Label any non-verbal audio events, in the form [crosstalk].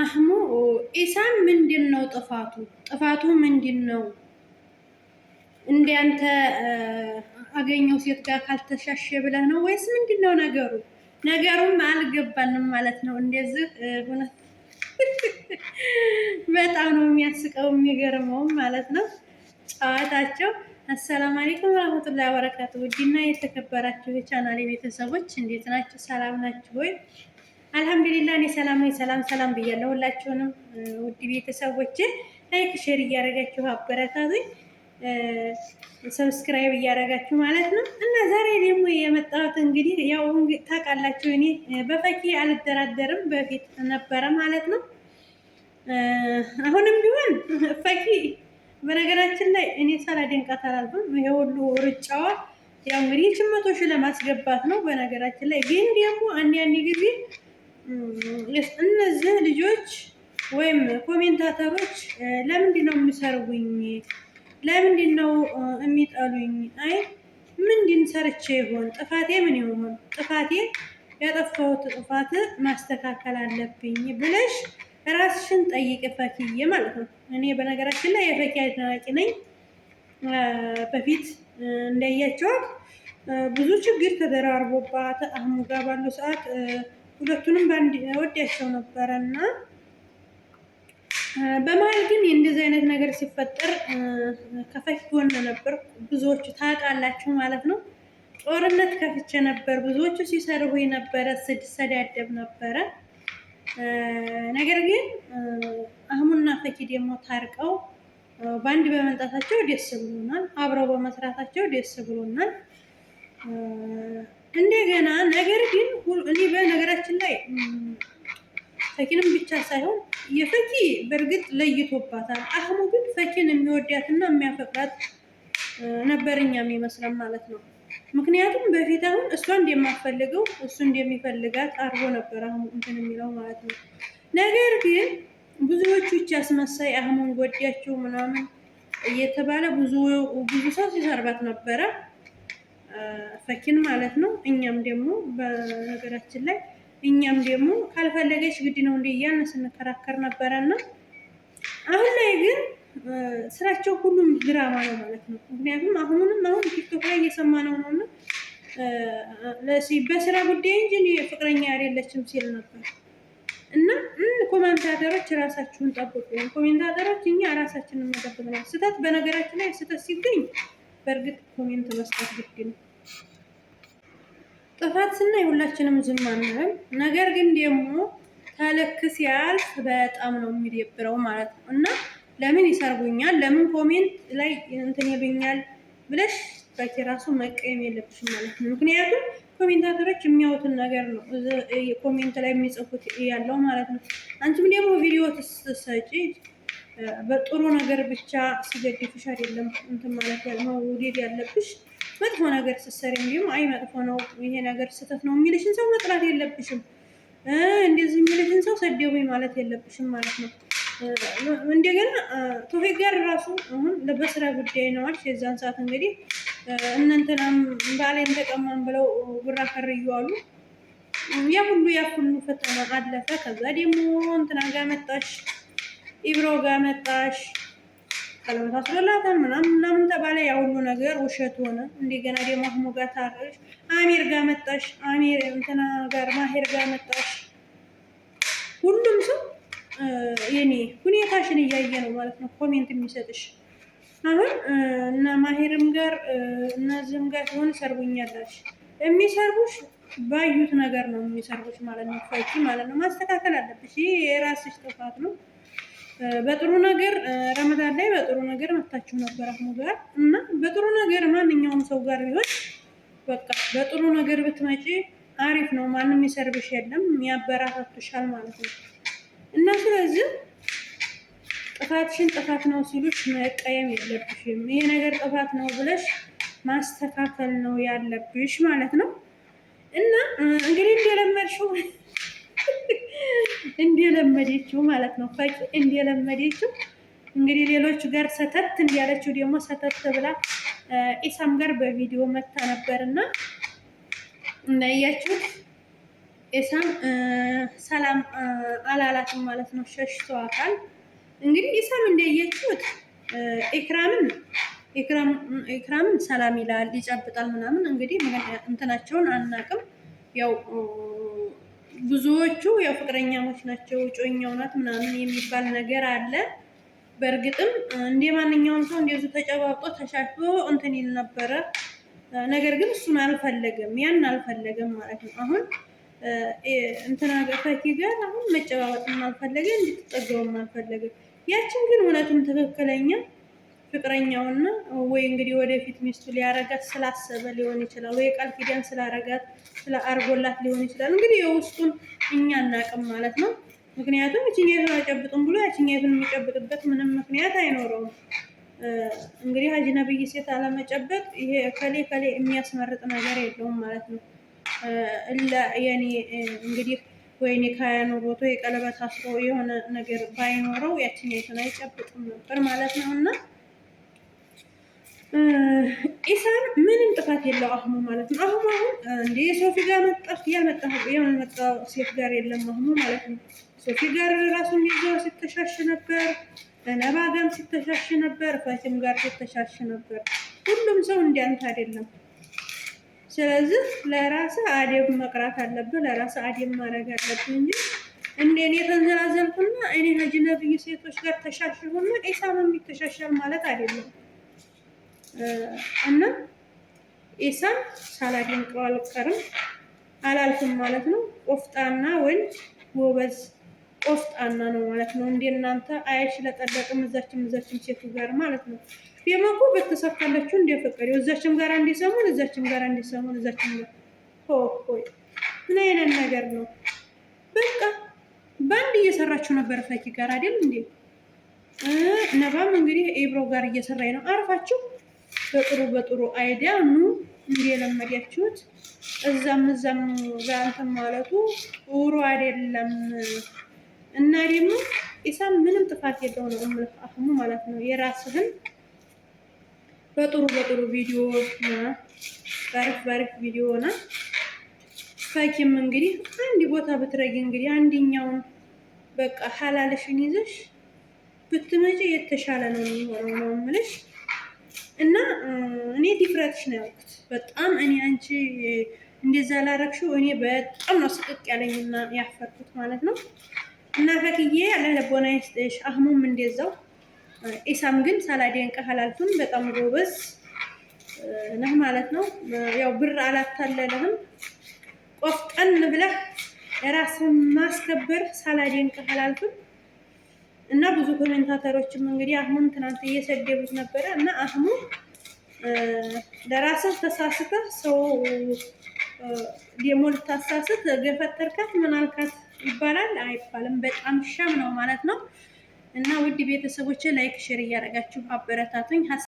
አህሙ ኢሳም ምንድን ነው ጥፋቱ? ጥፋቱ ምንድን ነው? እንዲያንተ አገኘው ሴት ጋር ካልተሻሸ ብለህ ነው ወይስ ምንድን ነው ነገሩ? ነገሩም አልገባንም ማለት ነው። እንደዚህ እውነት [laughs] በጣም ነው የሚያስቀው የሚገርመውም ማለት ነው ጨዋታቸው። አሰላም አለይኩም ወራህመቱላሂ ወበረካቱ። ውድና የተከበራችሁ የቻናሌ ቤተሰቦች እንዴት ናችሁ? ሰላም ናችሁ ወይ? አልሐምዱሊላ እኔ ሰላም ነኝ። ሰላም ሰላም ብያለሁ ሁላችሁንም ውድ ቤተሰቦቼ፣ ላይክ ሼር እያደረጋችሁ አበረታቱኝ፣ ሰብስክራይብ እያደረጋችሁ ማለት ነው። እና ዛሬ ደግሞ የመጣሁት እንግዲህ ያው ታውቃላችሁ እኔ በፈኪ አልደራደርም በፊት ነበረ ማለት ነው። አሁንም ቢሆን ፈኪ በነገራችን ላይ እኔ ሳላደንቃት አላልኩም። ይሄ ሁሉ ሩጫዋ ያው እንግዲህ ሺህ ለማስገባት ነው። በነገራችን ላይ ግን ደግሞ አንዳንድ ጊዜ እነዚህ ልጆች ወይም ኮሜንታተሮች ለምንድን ነው የሚሰርጉኝ? ለምንድን ነው የሚጠሉኝ? አይ ምንድን ሰርቼ ይሆን? ጥፋቴ ምን ይሆን? ጥፋቴ ያጠፋሁት ጥፋት ማስተካከል አለብኝ ብለሽ ራስሽን ጠይቅ ፈኪዬ ማለት ነው። እኔ በነገራችን ላይ የፈኪ አድናቂ ነኝ። በፊት እንዳያቸዋት ብዙ ችግር ተደራርቦባት አህሙ ጋር ባሉ ሰዓት ሁለቱንም በአንድ ወዳቸው ነበረ እና በመሀል ግን እንደዚህ አይነት ነገር ሲፈጠር ከፈኪ ጎን ነበር ብዙዎቹ ታውቃላችሁ ማለት ነው። ጦርነት ከፍቼ ነበር። ብዙዎቹ ሲሰርቡ ነበረ፣ ስድሰዳደብ ነበረ። ነገር ግን አህሙና ፈኪ ደግሞ ታርቀው በአንድ በመምጣታቸው ደስ ብሎናል። አብረው በመስራታቸው ደስ ብሎናል። እንደገና ነገር ግን እኔ በነገራችን ላይ ፈኪንም ብቻ ሳይሆን የፈኪ በእርግጥ ለይቶባታል። አህሙ ግን ፈኪን የሚወዳትና የሚያፈቅራት ነበርኛ የሚመስለን ማለት ነው። ምክንያቱም በፊት አሁን እሷ እንደማፈልገው እሱ እንደሚፈልጋት አድርጎ ነበር አህሙ እንትን የሚለው ማለት ነው። ነገር ግን ብዙዎቹ ይህች አስመሳይ አህሙን ጎዳቸው ምናምን እየተባለ ብዙ ብዙ ሰው ሲሰርባት ነበረ። ፈኪን ማለት ነው። እኛም ደግሞ በነገራችን ላይ እኛም ደግሞ ካልፈለገች ግድ ነው እንዲህ እያልን ስንከራከር ነበረና አሁን ላይ ግን ስራቸው ሁሉም ድራማ ነው ማለት ነው። ምክንያቱም አሁንም አሁን ቲክቶክ ላይ እየሰማ ነው ነውና በስራ ጉዳይ እንጂ ፍቅረኛ አይደለችም ሲል ነበር እና ኮሜንታተሮች ራሳችሁን ጠብቁ። ኮሜንታተሮች እኛ ራሳችንን መጠብቅ ነው ስህተት በነገራችን ላይ ስህተት ሲገኝ በእርግጥ ኮሜንት መስጠት ግድ ነው። ጥፋት ስናይ ሁላችንም ዝም አንልም። ነገር ግን ደግሞ ተልክ ሲያልፍ በጣም ነው የሚደብረው ማለት ነው። እና ለምን ይሰርቡኛል፣ ለምን ኮሜንት ላይ እንትን ይሉኛል ብለሽ በቂ ራሱ መቀየም የለብሽም ማለት ነው። ምክንያቱም ኮሜንታተሮች የሚያዩትን ነገር ነው ኮሜንት ላይ የሚጽፉት ያለው ማለት ነው። አንቺም ደግሞ ቪዲዮ ትሰጪ በጥሩ ነገር ብቻ ሲገድፍሽ አይደለም እንትን ማለት ያለ መውደድ ያለብሽ መጥፎ ነገር ስትሰሪ እንዲሁም አይ መጥፎ ነው ይሄ ነገር ስህተት ነው የሚልሽን ሰው መጥላት የለብሽም። እንደዚህ የሚልሽን ሰው ሰደቡኝ ማለት የለብሽም ማለት ነው። እንደገና ቶፊቅ ጋር ራሱ አሁን በስራ ጉዳይ ነዋል። የዛን ሰዓት እንግዲህ እነንትናም ባላይ ተቀማን ብለው ጉራ ከርየዋሉ። ያ ሁሉ ያ ሁሉ ፈተና አለፈ። ከዛ ደግሞ እንትና ጋር መጣሽ ኢብሮ ጋ መጣሽ ቀለበት አስበላታል ምናምን ምናምን ተባለ። ያ ሁሉ ነገር ውሸት ሆነ። እንደገና ደግሞ አህሙ ጋር ታረሽ፣ አሚር ጋ መጣሽ፣ አሚር እንትና ጋር ማሄር ጋ መጣሽ። ሁሉም ሰው የኔ ሁኔታሽን እያየ ነው ማለት ነው ኮሜንት የሚሰጥሽ አሁን እና ማሄርም ጋር እነዚህም ጋር ሲሆን ሰርቡኛላሽ የሚሰርቡሽ ባዩት ነገር ነው የሚሰርቡሽ ማለት ነው። ፋይቺ ማለት ነው ማስተካከል አለብሽ። ይሄ የራስሽ ጥፋት ነው። በጥሩ ነገር ረመዳን ላይ በጥሩ ነገር መታችሁ ነበር አህሙ ጋር እና በጥሩ ነገር ማንኛውም ሰው ጋር ቢሆን በቃ በጥሩ ነገር ብትመጪ አሪፍ ነው። ማንም ይሰርብሽ የለም ያበራታቱሻል ማለት ነው። እና ስለዚህ ጥፋትሽን ጥፋት ነው ሲሉሽ መቀየም የለብሽም። ይሄ ነገር ጥፋት ነው ብለሽ ማስተካከል ነው ያለብሽ ማለት ነው። እና እንግዲህ እንደለመድሽው እንደለመደችው ማለት ነው። ፈቂ እንደለመደችው እንግዲህ ሌሎቹ ጋር ሰተት እንዲያለችው ደግሞ ሰተት ብላ ኢሳም ጋር በቪዲዮ መታ ነበር እና እንዳያችሁት ኢሳም ሰላም አላላትም ማለት ነው። ሸሽቶ አካል እንግዲህ ኢሳም እንዳያችሁት ኢክራምን ኢክራምን ሰላም ይላል፣ ይጨብጣል ምናምን እንግዲህ እንትናቸውን አናቅም ያው ብዙዎቹ ያው ፍቅረኛሞች ናቸው እጮኛው ናት ምናምን የሚባል ነገር አለ። በእርግጥም እንደ ማንኛውም ሰው እንደዚ ተጨባብጦ ተሻሽሎ እንትን ይል ነበረ። ነገር ግን እሱን አልፈለገም፣ ያን አልፈለገም ማለት ነው። አሁን እንትና ፈኪ ጋር አሁን መጨባበጥም አልፈለገ፣ እንድትጠገውም አልፈለገም። ያችን ግን እውነትም ትክክለኛ ፍቅረኛውና ወይ እንግዲህ ወደፊት ሚስቱ ሊያረጋት ስላሰበ ሊሆን ይችላል፣ ወይ ቃል ኪዳን ስላረጋት ስለአርጎላት ሊሆን ይችላል። እንግዲህ የውስጡን እኛ እናቅም ማለት ነው። ምክንያቱም እችኛቱን አጨብጡም ብሎ ያችኛቱን የሚጨብጥበት ምንም ምክንያት አይኖረውም። እንግዲህ አጅነብይ ሴት አለመጨበጥ ይሄ ከሌ ከሌ የሚያስመርጥ ነገር የለውም ማለት ነው። እላ የኔ እንግዲህ ወይኔ ካያኑ የቀለበት አስሮ የሆነ ነገር ባይኖረው ያችኛቱን አይጨብጥም ነበር ማለት ነው እና ኢሳን ምንም ጥፋት የለው አህሙ ማለት ነው። አህሙ አሁን እንደ ሶፊ ጋር መጣፍ ያመጣሁ የመጣው ሴት ጋር የለም አህሙ ማለት ነው። ሶፊ ጋር ራሱን ይዘው ሲተሻሽ ነበር፣ ነባ ጋርም ሲተሻሽ ነበር፣ ፋቲም ጋር ሲተሻሽ ነበር። ሁሉም ሰው እንዲያንተ አይደለም። ስለዚህ ለራስ አደብ መቅራት አለብህ፣ ለራስ አደብ ማድረግ አለብህ እንጂ እንደ እኔ ተንዘላዘልኩና እኔ አጅነብይ ሴቶች ጋር ተሻሽሁና ኢሳም የሚተሻሻል ማለት አይደለም። እና ኢሳም ሳላደንቀው አልቀርም አላልፍም ማለት ነው። ቆፍጣና ወይም ጎበዝ ቆፍጣና ነው ማለት ነው። እንደ እናንተ አይሽ ለጠለቅም እዛችም እዛችም ሴቱ ጋር ማለት ነው። ደግሞ እኮ በተሳካላችሁ እንደ ፈቀደ እዛችም ጋር እንዲሰሙን እዛችም ጋር እንዲሰሙን እዛችም ጋር ሆይ ምን አይነት ነገር ነው? በቃ በአንድ እየሰራችሁ ነበር ፈኪ ጋር አይደል እንዴ? ነባም እንግዲህ ኤብሮ ጋር እየሰራኝ ነው። አርፋችሁ በጥሩ በጥሩ አይዲያ ኑ እንዲ እዛም እዛም ዛንትም ማለቱ ጥሩ አይደለም። እና ደግሞ ኢሳም ምንም ጥፋት የለው ነው እምልህ አህሙ ማለት ነው። የራስህን በጥሩ በጥሩ ቪዲዮ ባሪፍ ባሪፍ ቪዲዮ ና ፈኪም እንግዲህ አንድ ቦታ ብትረጊ እንግዲህ አንድኛውን በቃ ሀላልሽን ይዘሽ ብትመጪ የተሻለ ነው የሚሆነው ነው እምልሽ። እና እኔ ዲፍረትሽ ነው ያልኩት። በጣም እኔ አንቺ እንደዛ ላረግሽው እኔ በጣም ነው ስቅቅ ያለኝና ያፈርኩት ማለት ነው። እና ፈክዬ ለልቦና ይስጥሽ፣ አህሙም እንደዛው። ኢሳም ግን ሳላደንቅህ አላልፍም። በጣም ጎበዝ ነህ ማለት ነው። ያው ብር አላታለለህም። ቆፍጠን ብለህ የራስን ማስከበር ሳላደንቅህ አላልፍም። እና ብዙ ኮሜንታተሮችም እንግዲህ አህሙን ትናንት እየሰደቡት ነበረ እና አህሙ ለራስህ ተሳስተህ ሰው ደግሞ ልታሳስት ገፈተርካት ምናልካት ይባላል አይባልም። በጣም ሻም ነው ማለት ነው። እና ውድ ቤተሰቦች ላይክ ሼር እያደረጋችሁ አበረታቱኝ።